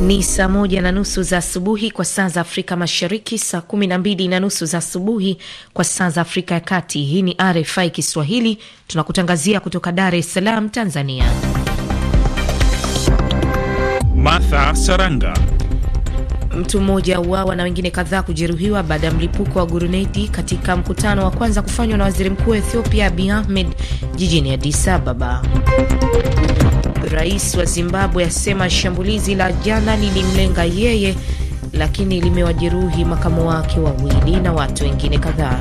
Ni saa moja na nusu za asubuhi kwa saa za Afrika Mashariki, saa kumi na mbili na nusu za asubuhi kwa saa za Afrika ya Kati. Hii ni RFI Kiswahili, tunakutangazia kutoka Dar es Salaam, Tanzania. Martha Saranga. Mtu mmoja uawa na wengine kadhaa kujeruhiwa baada ya mlipuko wa guruneti katika mkutano wa kwanza kufanywa na waziri mkuu wa Ethiopia Abiy Ahmed jijini Addis Ababa. Rais wa Zimbabwe asema shambulizi la jana lilimlenga yeye, lakini limewajeruhi makamo wake wawili na watu wengine kadhaa.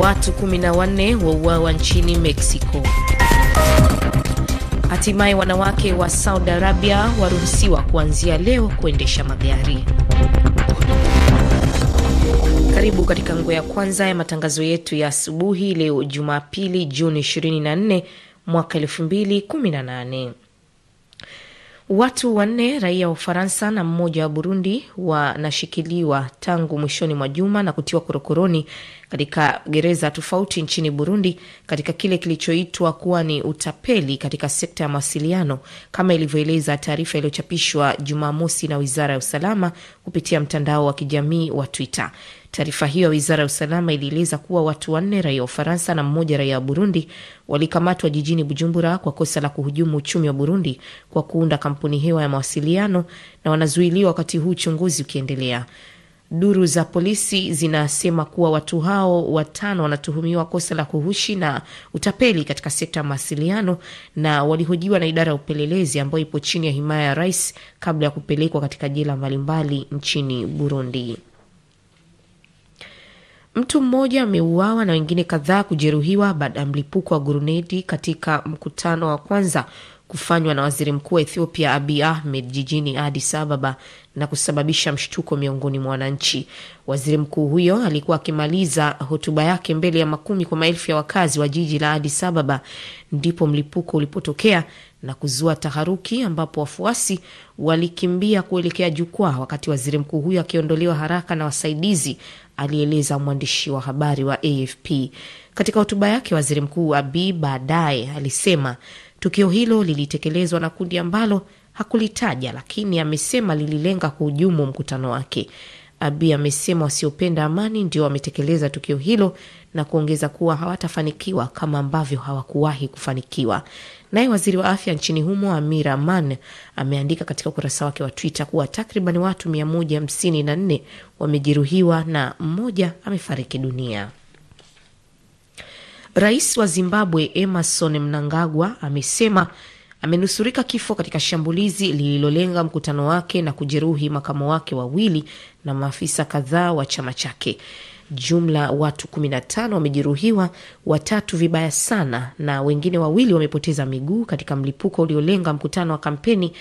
Watu 14 wauawa nchini mexico Hatimaye wanawake wa Saudi Arabia waruhusiwa kuanzia leo kuendesha magari. Karibu katika nguo ya kwanza ya matangazo yetu ya asubuhi leo Jumapili, Juni 24 mwaka Watu wanne raia wa Ufaransa na mmoja wa Burundi wanashikiliwa tangu mwishoni mwa juma na kutiwa korokoroni katika gereza tofauti nchini Burundi katika kile kilichoitwa kuwa ni utapeli katika sekta ya mawasiliano, kama ilivyoeleza taarifa iliyochapishwa Jumamosi na wizara ya usalama kupitia mtandao wa kijamii wa Twitter. Taarifa hiyo ya wizara ya usalama ilieleza kuwa watu wanne raia wa Ufaransa na mmoja raia wa Burundi walikamatwa jijini Bujumbura kwa kosa la kuhujumu uchumi wa Burundi kwa kuunda kampuni hewa ya mawasiliano na wanazuiliwa wakati huu uchunguzi ukiendelea. Duru za polisi zinasema kuwa watu hao watano wanatuhumiwa kosa la kuhushi na utapeli katika sekta ya mawasiliano na walihojiwa na idara ya upelelezi ambayo ipo chini ya himaya ya rais kabla ya kupelekwa katika jela mbalimbali nchini Burundi. Mtu mmoja ameuawa na wengine kadhaa kujeruhiwa baada ya mlipuko wa guruneti katika mkutano wa kwanza kufanywa na waziri mkuu wa Ethiopia Abiy Ahmed jijini Addis Ababa na kusababisha mshtuko miongoni mwa wananchi. Waziri mkuu huyo alikuwa akimaliza hotuba yake mbele ya makumi kwa maelfu ya wakazi wa jiji la Addis Ababa ndipo mlipuko ulipotokea na kuzua taharuki ambapo wafuasi walikimbia kuelekea jukwaa wakati waziri mkuu huyo akiondolewa haraka na wasaidizi, alieleza mwandishi wa habari wa AFP. Katika hotuba yake, waziri mkuu abi baadaye alisema tukio hilo lilitekelezwa na kundi ambalo hakulitaja, lakini amesema lililenga kuhujumu mkutano wake. abi amesema wasiopenda amani ndio wametekeleza tukio hilo na kuongeza kuwa hawatafanikiwa kama ambavyo hawakuwahi kufanikiwa. Naye waziri wa afya nchini humo Amir Aman ameandika katika ukurasa wake wa Twitter kuwa takriban watu 154 wamejeruhiwa na mmoja amefariki dunia. Rais wa Zimbabwe Emerson Mnangagwa amesema amenusurika kifo katika shambulizi lililolenga mkutano wake na kujeruhi makamo wake wawili na maafisa kadhaa wa chama chake. Jumla watu 15 wamejeruhiwa, watatu vibaya sana, na wengine wawili wamepoteza miguu katika mlipuko uliolenga mkutano wa kampeni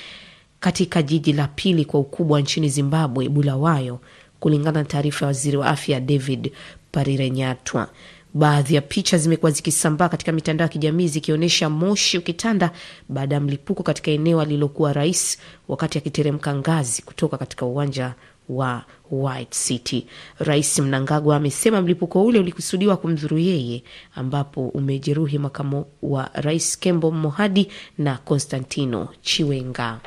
katika jiji la pili kwa ukubwa nchini Zimbabwe, Bulawayo, kulingana na taarifa ya waziri wa afya David Parirenyatwa. Baadhi ya picha zimekuwa zikisambaa katika mitandao ya kijamii zikionyesha moshi ukitanda baada ya mlipuko katika eneo alilokuwa rais wakati akiteremka ngazi kutoka katika uwanja wa White City. Rais Mnangagwa amesema mlipuko ule ulikusudiwa kumdhuru yeye, ambapo umejeruhi makamu wa rais Kembo Mohadi na Konstantino Chiwenga.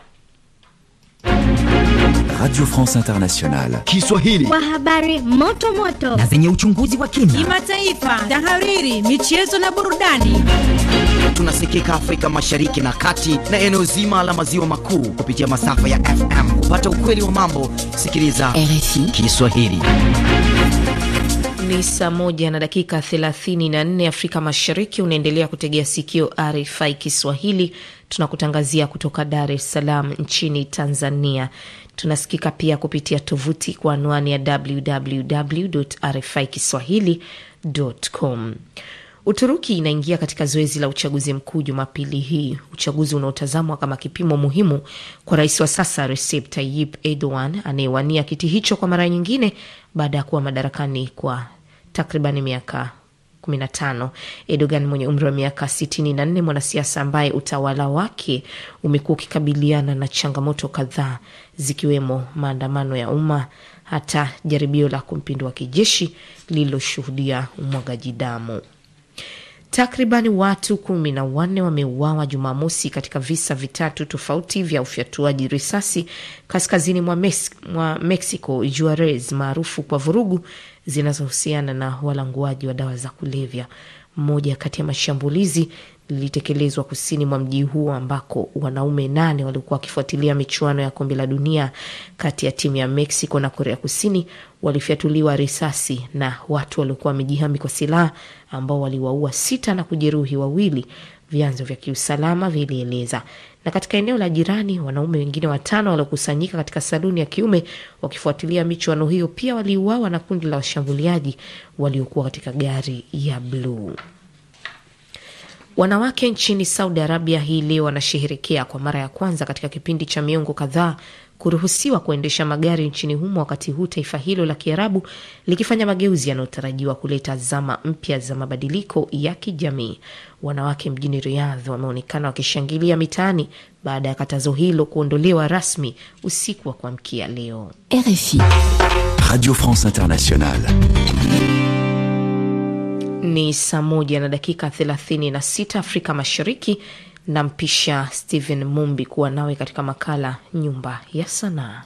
Radio France Internationale Kiswahili, kwa habari moto moto na zenye uchunguzi wa kina, kimataifa, tahariri, michezo na burudani tunasikika Afrika Mashariki na Kati na eneo zima la maziwa makuu kupitia masafa ya FM. Kupata ukweli wa mambo, sikiliza RFI Kiswahili. Ni saa moja na dakika 34 Afrika Mashariki. Unaendelea kutegea sikio RFI Kiswahili, tunakutangazia kutoka Dar es Salaam nchini Tanzania. Tunasikika pia kupitia tovuti kwa anwani ya www rfi kiswahili com Uturuki inaingia katika zoezi la uchaguzi mkuu Jumapili hii, uchaguzi unaotazamwa kama kipimo muhimu kwa rais wa sasa Recep Tayyip Erdogan anayewania kiti hicho kwa mara nyingine baada ya kuwa madarakani kwa takriban miaka 15. Erdogan mwenye umri wa miaka 64, mwanasiasa ambaye utawala wake umekuwa ukikabiliana na changamoto kadhaa zikiwemo maandamano ya umma, hata jaribio la kumpindua kijeshi lililoshuhudia umwagaji damu. Takriban watu kumi na wanne wameuawa Jumamosi katika visa vitatu tofauti vya ufyatuaji risasi kaskazini mwa, mes, mwa Mexico, Juarez maarufu kwa vurugu zinazohusiana na walanguaji wa dawa za kulevya. Moja kati ya mashambulizi lilitekelezwa kusini mwa mji huo ambako wanaume nane waliokuwa wakifuatilia michuano ya kombe la dunia kati ya timu ya Mexico na Korea Kusini walifyatuliwa risasi na watu waliokuwa wamejihami kwa silaha ambao waliwaua sita na kujeruhi wawili, vyanzo vya kiusalama vilieleza. Na katika eneo la jirani, wanaume wengine watano waliokusanyika katika saluni ya kiume wakifuatilia michuano hiyo pia waliuawa na kundi la washambuliaji waliokuwa katika gari ya bluu. Wanawake nchini Saudi Arabia hii leo wanasheherekea kwa mara ya kwanza katika kipindi cha miongo kadhaa kuruhusiwa kuendesha magari nchini humo, wakati huu taifa hilo la Kiarabu likifanya mageuzi yanayotarajiwa kuleta zama mpya za mabadiliko ya kijamii. Wanawake mjini riadh wameonekana wakishangilia mitaani baada ya katazo hilo kuondolewa rasmi usiku wa kuamkia leo. RFI, Radio France Ni saa moja na dakika 36 Afrika Mashariki nampisha stehen Mumbi kuwa nawe katika makala Nyumba ya Sanaa.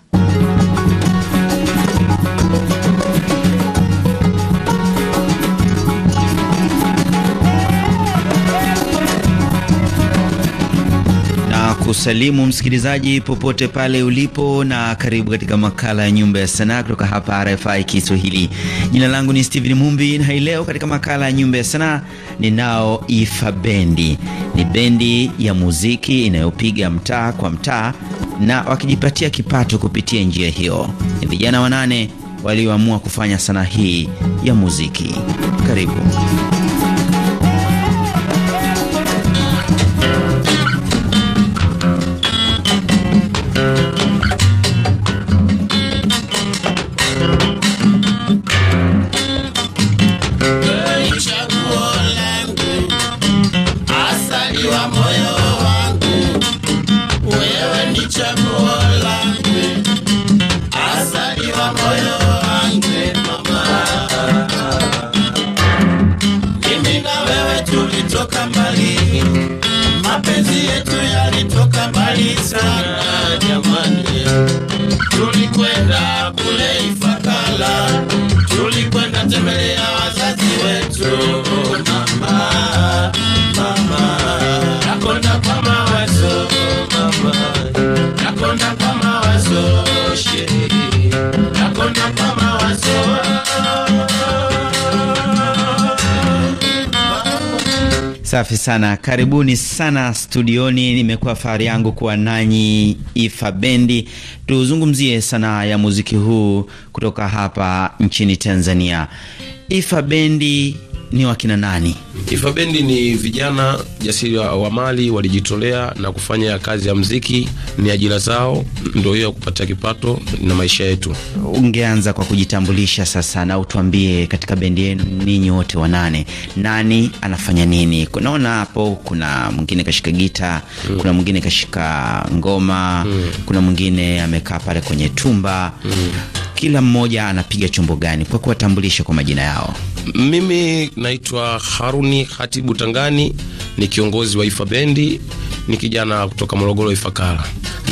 kusalimu msikilizaji popote pale ulipo, na karibu katika makala ya nyumba ya sanaa kutoka hapa RFI Kiswahili. Jina langu ni Steven Mumbi, na hii leo katika makala ya nyumba ya sanaa ninao Ifa Bendi. Ni bendi ya muziki inayopiga mtaa kwa mtaa na wakijipatia kipato kupitia njia hiyo. Ni vijana wanane walioamua kufanya sanaa hii ya muziki. Karibu. mbali sana jamani, tulikuwa Safi sana, karibuni sana studioni. Nimekuwa fahari yangu kuwa nanyi Ifa Bendi, tuzungumzie sanaa ya muziki huu kutoka hapa nchini Tanzania. Ifa Bendi ni wakina nani? Ifa Bendi ni vijana jasiri wa mali walijitolea na kufanya kazi ya mziki, ni ajira zao, ndio hiyo ya kupatia kipato na maisha yetu. Ungeanza kwa kujitambulisha sasa, na utuambie katika bendi yenu ninyi wote wanane, nani anafanya nini? kunaona hapo kuna mwingine kashika gita mm. kuna mwingine kashika ngoma mm. kuna mwingine amekaa pale kwenye tumba mm. kila mmoja anapiga chombo gani? Kwa kuwatambulisha kwa majina yao. Mimi naitwa Haruni Hatibu Tangani, ni kiongozi wa Ifa Bendi, ni kijana kutoka Morogoro Ifakara,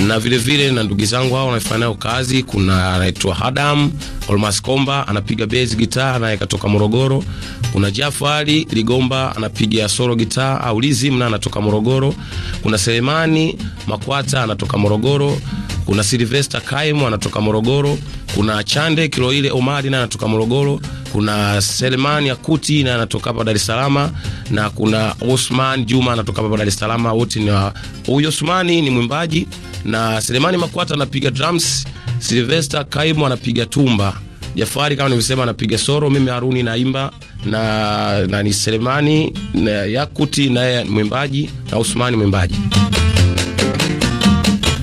na vilevile vile, na ndugu zangu hao wanafanya nayo kazi. Kuna anaitwa Hadam Olmas Komba anapiga bezi gitaa, naye katoka Morogoro. Kuna Jafari Ligomba anapiga solo gitaa au lizim, na anatoka Morogoro. Kuna Selemani Makwata anatoka Morogoro kuna Silvester Kaim anatoka Morogoro, kuna Chande Kiloile Omari naye anatoka Morogoro, kuna Selmani Yakuti naye anatoka hapa Dar es Salaam, na kuna Osman Juma anatoka hapa Dar es Salaam. Wote ni huyo, Osmani ni mwimbaji na Selemani Makwata anapiga drums, Silvester Kaim anapiga tumba Jafari kama nimesema anapiga soro, mimi Haruni naimba na, na ni Selemani na Yakuti naye mwimbaji na Usmani mwimbaji.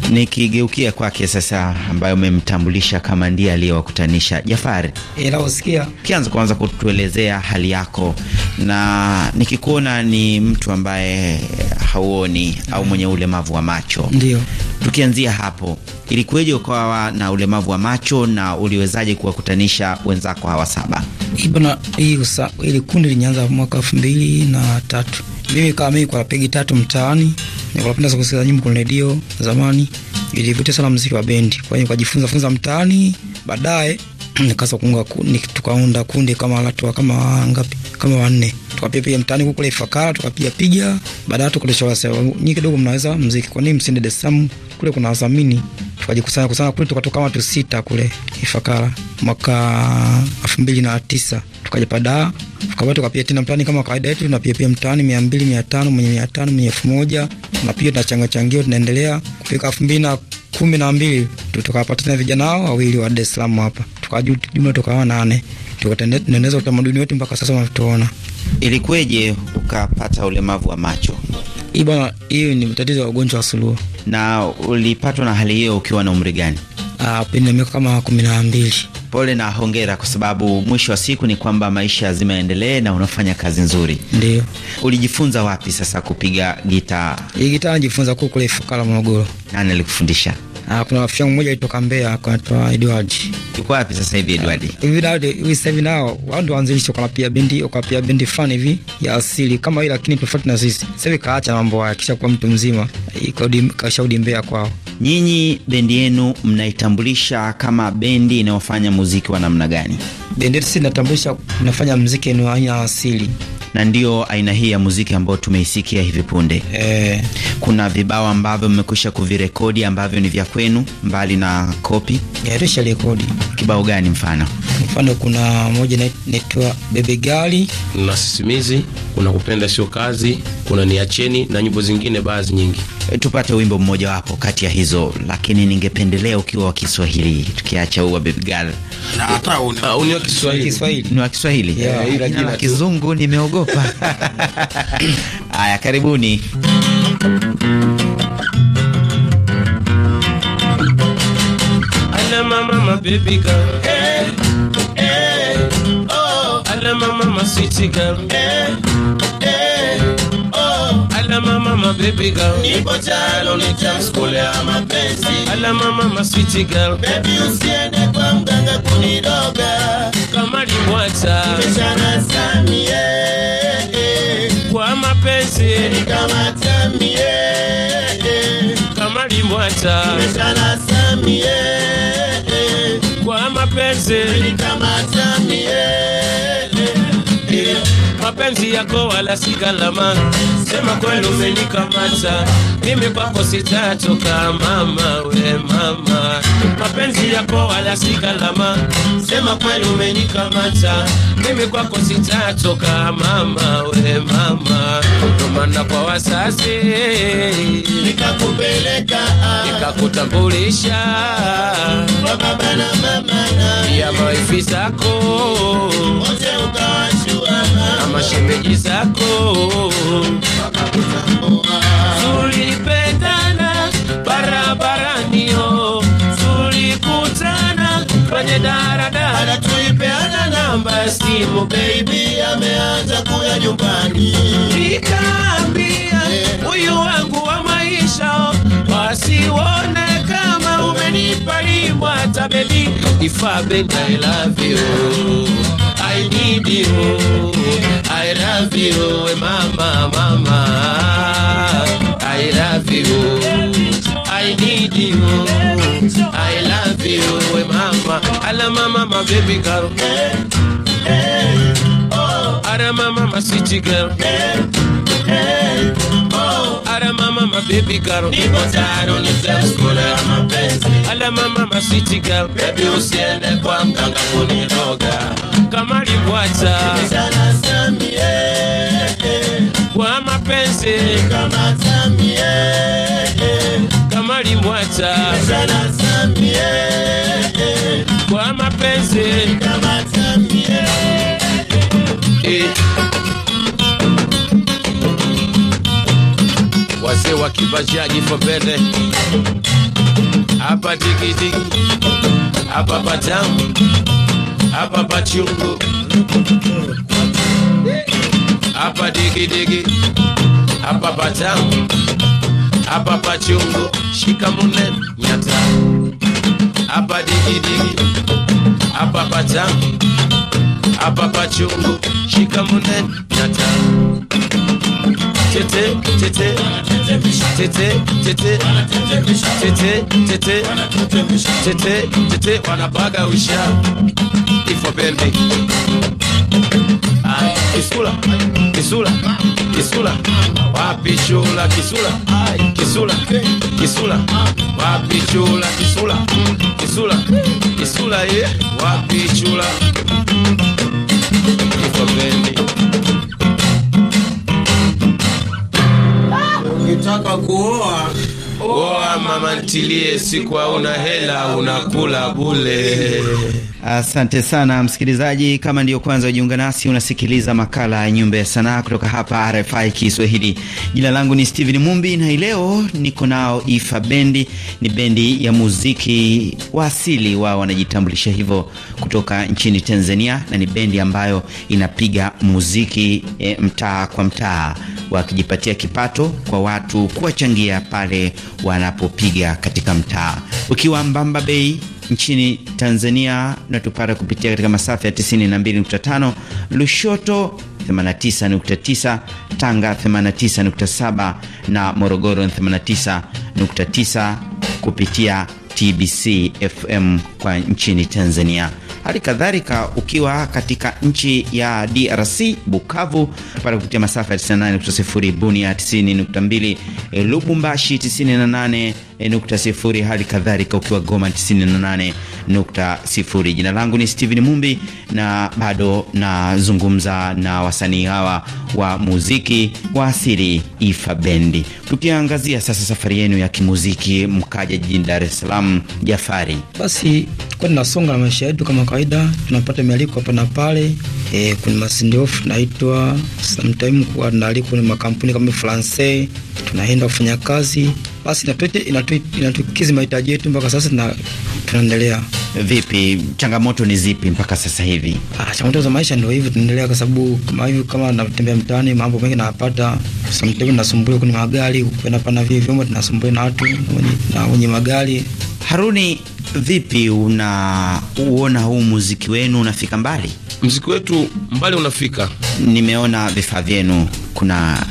Nikigeukia kwake sasa, ambayo umemtambulisha kama ndiye aliyewakutanisha Jafari, nausikia kianza kwanza kutuelezea hali yako, na nikikuona ni mtu ambaye hauoni mm -hmm. au mwenye ulemavu wa macho, ndio tukianzia hapo, ilikuweje ukawa na ulemavu wa macho na uliwezaje kuwakutanisha wenzako hawa saba? Bana, ili kundi lilianza mwaka elfu mbili na tatu. Mimi kama mimi kwa pegi tatu mtaani Nilikuwa napenda kusikiliza nyimbo kwenye redio zamani, nilivutiwa sana muziki wa bendi. Kwa hiyo nikajifunza funza mtaani, baadaye nikaanza kuunga kundi, tukaunda kundi kama watu kama ngapi, kama wanne, tukapiga pia mtaani huko kule Ifakara, tukapiga piga, baadaye tukaleta wasa nyinyi kidogo mnaweza muziki, kwa nini msiende Dar es Salaam? Kule kuna wadhamini, tukajikusanya kusana kule, tukatoka watu sita kule Ifakara mwaka elfu mbili na tisa tukajapadaa tukavaa tukapia tena mtani kama kawaida yetu, tunapia pia mtani mia mbili mia tano mwenye mia tano mwenye elfu moja na tunapia tunachanga changio, tunaendelea kufika elfu mbili na kumi na mbili tena vijana hao wawili wa Dar es Salaam hapa, tukajumla tukawa nane, tukatendeneza utamaduni wetu mpaka sasa unatuona. Ilikweje ukapata ulemavu wa macho? Hii bwana, hii ni tatizo ya ugonjwa wa suluhu. Na ulipatwa na hali hiyo ukiwa na umri gani? Ah, pindi na miaka kama kumi na mbili. Pole na hongera, kwa sababu mwisho wa siku ni kwamba maisha lazima yaendelee na unafanya kazi nzuri. Ndio. Ulijifunza wapi sasa kupiga gitaa? Hii gitaa najifunza kule Ifakara, Morogoro. Nani alikufundisha? Ah, kuna rafiki yangu mmoja alitoka Mbeya akaitwa Edward. Yuko wapi sasa hivi Edward? Hivi nao hivi sasa hivi nao wao ndio wanzilishi kwa pia bendi kwa pia bendi fulani hivi ya asili kama ile lakini tofauti na sisi. Sasa hivi kaacha mambo haya kisha kuwa mtu mzima Ikaudi kashaudi Mbeya kwao. Nyinyi bendi yenu mnaitambulisha kama bendi inayofanya muziki wa namna gani? Bendi yetu sisi tunatambulisha tunafanya muziki wa aina asili na ndio aina hii ya muziki ambayo tumeisikia hivi punde. Eh, kuna vibao ambavyo mmekwisha kuvirekodi ambavyo ni vya kwenu mbali na kopi? tusha rekodi. Kibao gani mfano? Mfano kuna moja naitwa Bebe gari na sisimizi, kuna kupenda sio kazi, kuna niacheni na nyimbo zingine baadhi nyingi. e, Tupate wimbo mmoja wapo kati ya hizo, lakini ningependelea ukiwa wa Kiswahili, tukiacha huwa gari na Hata uni ah, wa Kiswahili. Ni wa Kiswahili. yeah, yeah, Kizungu nimeogopa. Naogopa. Haya, karibuni. mama baby Hey, eh, eh, hey, oh. mama sweet mama baby girl, nipo chalo ni tayari ama pensi Ala mama sweet girl, baby usiende kwa mganga kunidoga kama limbwata, nimeshana samie kwa mapenzi nikamata mie kama limbwata, nimeshana samie kwa ama mapenzi nikamata mie mapenzi yako wala sigalama, sema kweli umenikamata mimi, kwako sitatoka mama, we mama, mapenzi yako wala sigalama, sema kweli umenikamata mimi, kwako sitatoka mama, we mama, tumana kwa wazazi nikakupeleka ah. nikakutambulisha kwa baba na mama na ya mawifi zako izako tulipendana barabaraniyo tulikutana kwenye daradara tulipeana namba ya simu baby ameanza kuya nyumbani nikaambia eh. huyu yeah. wangu wa maisha wasiwone kama umenipa limwa ifabe I love you I need you. I love you, oh, mama, mama. I love you. Oh, I need you. Oh. I love you, mama. I love my mama, baby girl. Hey, hey, oh. I love my mama, sweetie girl. Hey, hey, oh. I love my mama, baby girl. Nipo taro ni self school, I'm a best. mama maswiti girl, baby usiende kwa mganga kuniroga kama libwacha kwa mapenzi kama samie kama limwacha kwa mapenzi kama samie eh. Wazee wa kibajaji for Apa digi digi, apa patam, apa pachungo. Apa digi digi, apa patam, apa pachungo. Shikamunen nyata. Apa digi digi, apa patam, apa pachungo. Shikamunen nyata. Tete, tete, tete tete tete tete tete tete tete wanapaga usha ifo pembe ah, kisula kisula kisula wapi shula kisula kisula kisula wapi shula kisula kisula kisula ye wapi shula ifo pembe Ukitaka kuoa oa, mama ntilie, siku hauna hela unakula bule. Asante sana msikilizaji, kama ndiyo kwanza ujiunga nasi, unasikiliza makala ya Nyumba ya Sanaa kutoka hapa RFI Kiswahili. Jina langu ni Steven Mumbi na leo niko nao Ifa Bendi. Ni bendi ya muziki wa asili, wao wanajitambulisha hivyo, kutoka nchini Tanzania, na ni bendi ambayo inapiga muziki e, mtaa kwa mtaa wakijipatia kipato kwa watu kuwachangia pale wanapopiga katika mtaa. Ukiwa Mbamba Bay nchini Tanzania, unatupata kupitia katika masafa ya 92.5, Lushoto 89.9, Tanga 89.7 na Morogoro 89.9 kupitia TBC FM kwa nchini Tanzania. Hali kadhalika ukiwa katika nchi ya DRC, Bukavu pale kupitia masafa ya 98.0, Bunia 90.2, eh, Lubumbashi 98 nukta sifuri, hali kadhalika ukiwa Goma 98 nukta sifuri. Jina langu ni Steven Mumbi na bado nazungumza na wasanii hawa wa muziki wa asili Ifa Bendi, tukiangazia sasa safari yenu ya kimuziki mkaja jijini Dar es Salaam. Jafari, basi kwa tunasonga na maisha yetu kama kawaida, tunapata mialiko hapa na pale E, kuna masindof tunaitwa sometime, kuwa tunaalikwa kuna makampuni kama France tunaenda kufanya kazi basi inatukizi mahitaji yetu mpaka sasa na tunaendelea. Vipi, changamoto ni zipi mpaka sasa hivi? Ah, changamoto za maisha ndio hivi tunaendelea kwa sababu kama hivi kama natembea mtaani, mambo mengi napata, sometime nasumbuliwa kuna magari, kwenda pana vipi vyombo, tunasumbuliwa na watu na wenye magari. Haruni, vipi, unauona huu muziki wenu unafika mbali? mziki wetu mbali unafika. Nimeona vifaa vyenu, kuna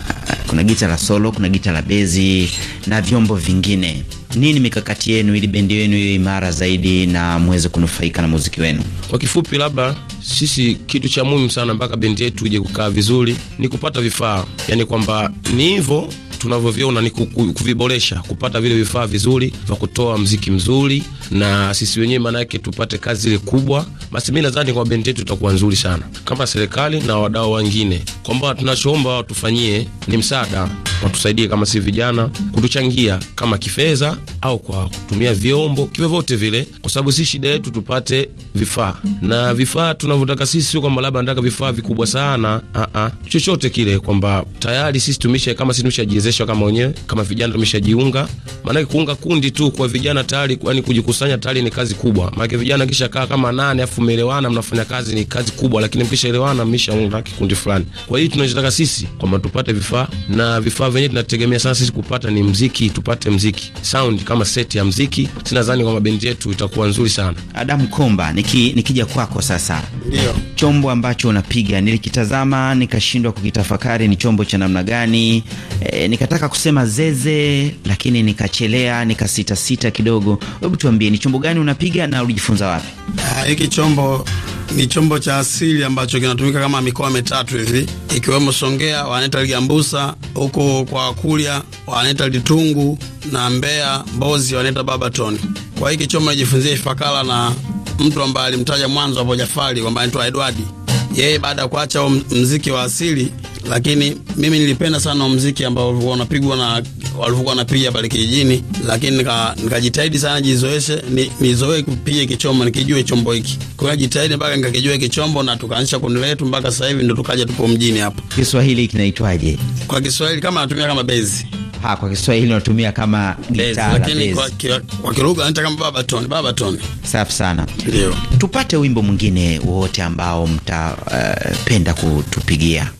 kuna gita la solo, kuna gita la bezi na vyombo vingine. Nini mikakati yenu ili bendi yenu iwe imara zaidi na muweze kunufaika na muziki wenu? Kwa kifupi, labda sisi, kitu cha muhimu sana mpaka bendi yetu ije kukaa vizuri ni kupata vifaa, yani kwamba ni hivyo tunavyoviona ni kuviboresha, kupata vile vifaa vizuri vya kutoa mziki mzuri, na sisi wenyewe maana yake tupate kazi ile kubwa. Basi mimi nadhani kwa bendi yetu itakuwa nzuri sana, kama serikali na wadau wengine, kwamba tunachoomba watufanyie ni msaada, watusaidie kama si vijana, kutuchangia kama kifedha au kwa kutumia vyombo kivyovyote vile, kwa sababu si shida yetu tupate vifaa na vifaa tunavyotaka sisi, sio kwamba labda nataka vifaa vikubwa sana a a, chochote kile, kwamba tayari sisi tumisha kama sisi tumeshajiwezesha kama wenyewe kama vijana tumeshajiunga. Maana kuunga kundi tu kwa vijana tayari, yani kujikusanya tayari ni kazi kubwa, maana vijana kisha kaa kama nane afu mmeelewana, mnafanya kazi ni kazi kubwa, lakini mkishaelewana mmeshaunda kikundi fulani. Kwa hiyo tunachotaka sisi kwamba tupate vifaa na vifaa vyenyewe tunategemea sana sisi kupata ni mziki, tupate mziki sound kama seti ya mziki, sinadhani kwamba bendi yetu itakuwa nzuri sana. Adamu Komba, niki, nikija kwako sasa, ndio chombo ambacho unapiga nilikitazama nikashindwa kukitafakari ni chombo cha namna gani. E, nikataka kusema zeze lakini nikachelea nikasitasita kidogo. Hebu tuambie ni chombo gani unapiga na ulijifunza wapi? Ah, hiki chombo ni chombo cha asili ambacho kinatumika kama mikoa mitatu hivi, ikiwemo Songea wanaita Ligambusa, huko kwa Wakulya wanaita Litungu na Mbeya Mbozi wanaita Babatoni. Kwa hiki chombo najifunzia Ifakala na mtu ambaye alimtaja mwanzo hapo Jafari kwamba anaitwa Edwadi yeye baada ya kuacha mziki um, wa asili, lakini mimi nilipenda sana mziki ambao walikuwa wanapigwa na walivyokuwa wanapiga pale kijijini, lakini nikajitahidi nika sana jizoeshe ni, nizoe kupiga kichombo nikijue chombo hiki. Kwa hiyo jitahidi mpaka nikakijua kichombo na tukaanzisha kundi letu mpaka sasa hivi ndo tukaja tupo mjini hapa. Kiswahili kinaitwaje? Kwa Kiswahili kama natumia kama bezi Ha, ah, kwa Kiswahili unatumia kama gitaa, lakini kwa, kwa Kiruga hata kama baba tone, baba tone. Safi sana. Ndio. Tupate wimbo mwingine wowote ambao mtapenda eh, uh, kutupigia.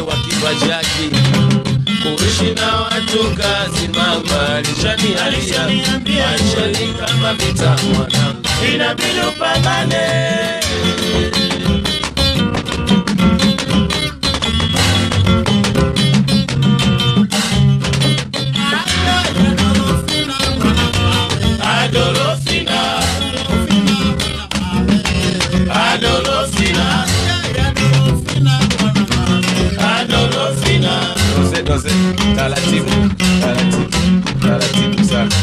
wa kipa chake kuishi na watu kazi mama alishaniambia maisha ni kama vita mwana inabidi upambane nidoze taratibu taratibu taratibu sana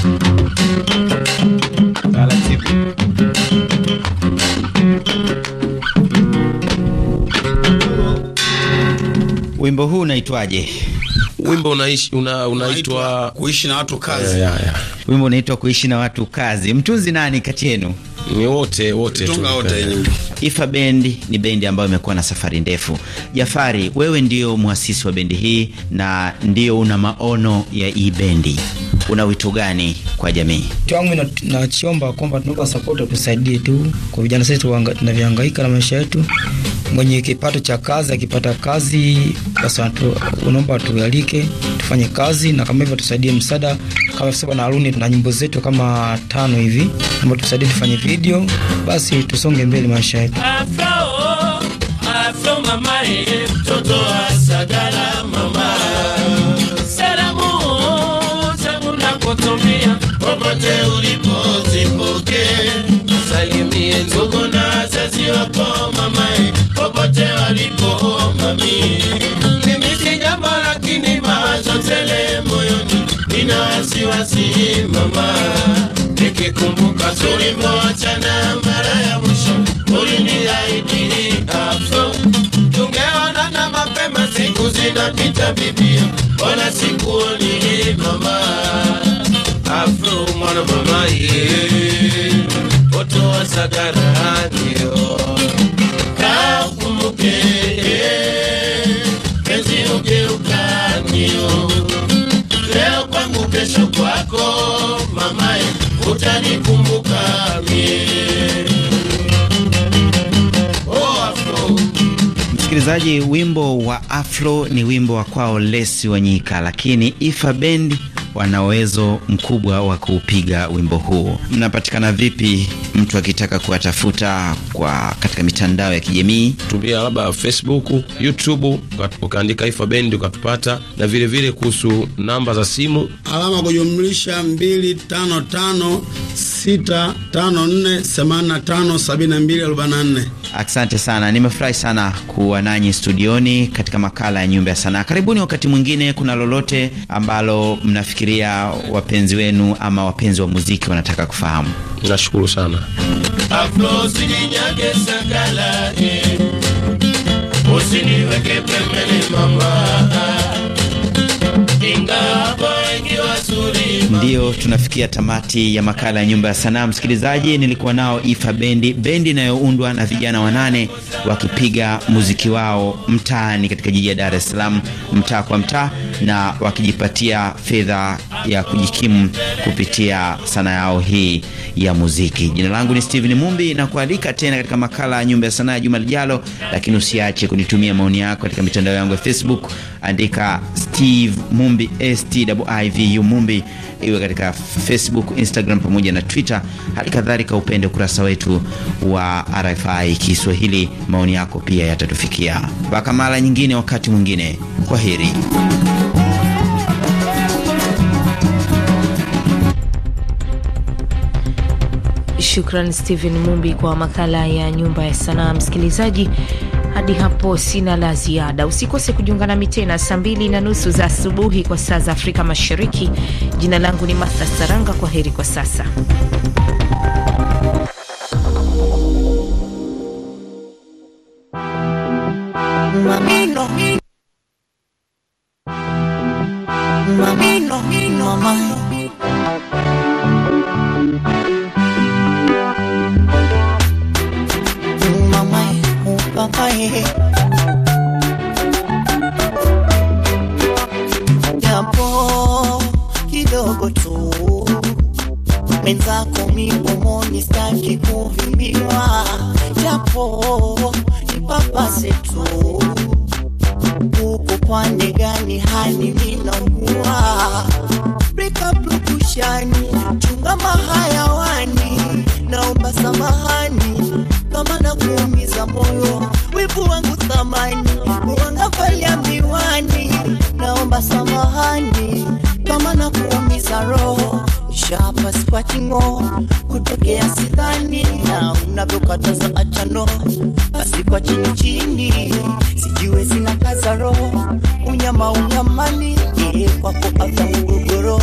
wimbo huu unaitwaje wimbo unaitwa una, una kuishi na watu kazi yeah, yeah, yeah. wimbo unaitwa kuishi na watu kazi mtunzi nani kati yenu ni wote wote tu Ifa Band ni bendi ambayo imekuwa na safari ndefu. Jafari, wewe ndio mwasisi wa bendi hii na ndio una maono ya hii bendi, una wito gani kwa jamii? Tangu nachiomba kwamba tunaomba support, tusaidie tu kwa vijana sisi tunavyohangaika na maisha yetu mwenye kipato cha kazi akipata kazi, basi unaomba tualike tufanye kazi, na kama hivyo tusaidie msaada kama sasa na Aruni tuna nyimbo zetu kama tano hivi, naomba tusaidie tufanye video, basi tusonge mbele maisha yetu. mama salimie ndugu na wazazi wako nilipoomba mimi nimesijama, lakini mawazo tele moyoni, nina wasiwasi mama, nikikumbuka tulipoachana mara ya mwisho, uliniahidi hapo tungeonana mapema, siku zinapita bibi, ona sikuoni mama, afro mwana mama, ye otoa sagara ndio oh. Leo kwangu, kesho kwako, Msikilizaji, wimbo wa Afro ni wimbo wa kwao Lesi Wanyika, lakini Ifa Bendi wana uwezo mkubwa wa kuupiga wimbo huu. Mnapatikana vipi mtu akitaka kuwatafuta kwa katika mitandao ya kijamii? Tumia labda Facebook, YouTube, ukaandika Ifa Bendi ukatupata, na vile vile kuhusu namba za simu alama kujumlisha 255 654857244. Asante sana, nimefurahi sana kuwa nanyi studioni katika makala ya Nyumba ya Sanaa. Karibuni wakati mwingine. Kuna lolote ambalo mnafikiria wapenzi wenu ama wapenzi wa muziki wanataka kufahamu? Nashukuru sana Usiniweke pembeni mama, ingawa Ndiyo tunafikia tamati ya makala ya Nyumba ya Sanaa. Msikilizaji, nilikuwa nao Ifa Bendi, bendi inayoundwa na vijana wanane wakipiga muziki wao mtaani katika jiji ya Dar es Salaam, mtaa kwa mtaa, na wakijipatia fedha ya kujikimu kupitia sanaa yao hii ya muziki. Jina langu ni Steven Mumbi na kualika tena katika makala ya Nyumba ya Sanaa ya juma lijalo, lakini usiache kunitumia maoni yako katika mitandao yangu ya Facebook, andika Steve Mumbi, Stwiv au Mumbi, iwe katika Facebook, Instagram pamoja na Twitter. Hali kadhalika upende ukurasa wetu wa RFI Kiswahili. Maoni yako pia yatatufikia. Mpaka mara nyingine, wakati mwingine, kwa heri. Shukran Stephen Mumbi kwa makala ya nyumba ya sanaa. Msikilizaji hadi hapo sina la ziada. Usikose kujiunga nami tena saa mbili na nusu za asubuhi kwa saa za Afrika Mashariki. Jina langu ni Martha Saranga. Kwa heri kwa sasa. papaye japo kidogo tu mwenzako mipomoni staki kuvimbiwa japo nipapase tu huku kwande gani hani linaugua rikaplukushani chunga mahayawani naomba samahani kama na kuumiza moyo. Wivu wangu thamani, unavalia miwani, naomba samahani kama na kuumiza roho shapa sikwachingo kutokea sidhani na unavyokataza achano basi kwa chini chini sijiwe sina kaza roho unyama unyamani kwako afya mgogoro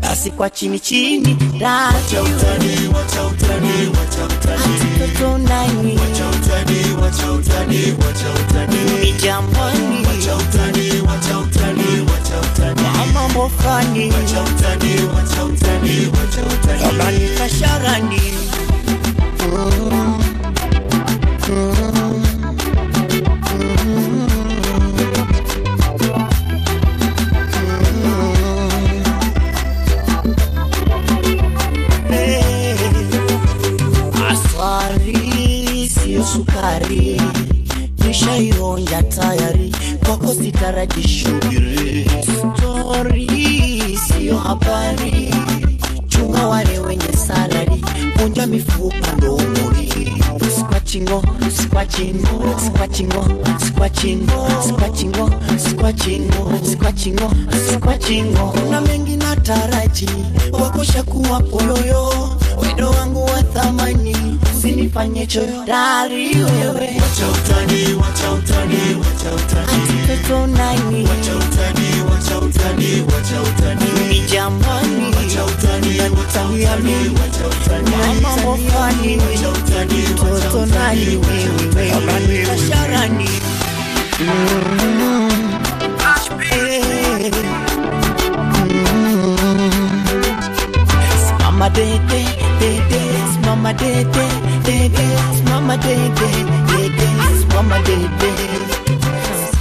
basi kwa chini chini dacha utani money. Watch out squatching oh, squatching oh, squatching oh, squatching oh, Kuna mengi nataraji wakusha kuwa poloyo wedo wangu wa thamani usinifanye chorodari wewe, wacha utani, wacha utani, wacha utani, antipeto nani, wacha utani, wacha utani, wacha utani, ni jamani, wacha utani, wacha utani, wacha utani, na mambo fani, wacha utani, toto nani wewe, kama ni mm -hmm.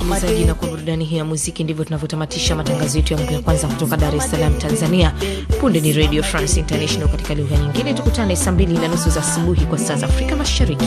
msikilizaji na kwa burudani hii ya muziki ndivyo tunavyotamatisha matangazo yetu ya mgu ya kwanza kutoka dar es salaam tanzania punde ni radio france international katika lugha nyingine tukutane saa mbili na nusu za asubuhi kwa saa za afrika mashariki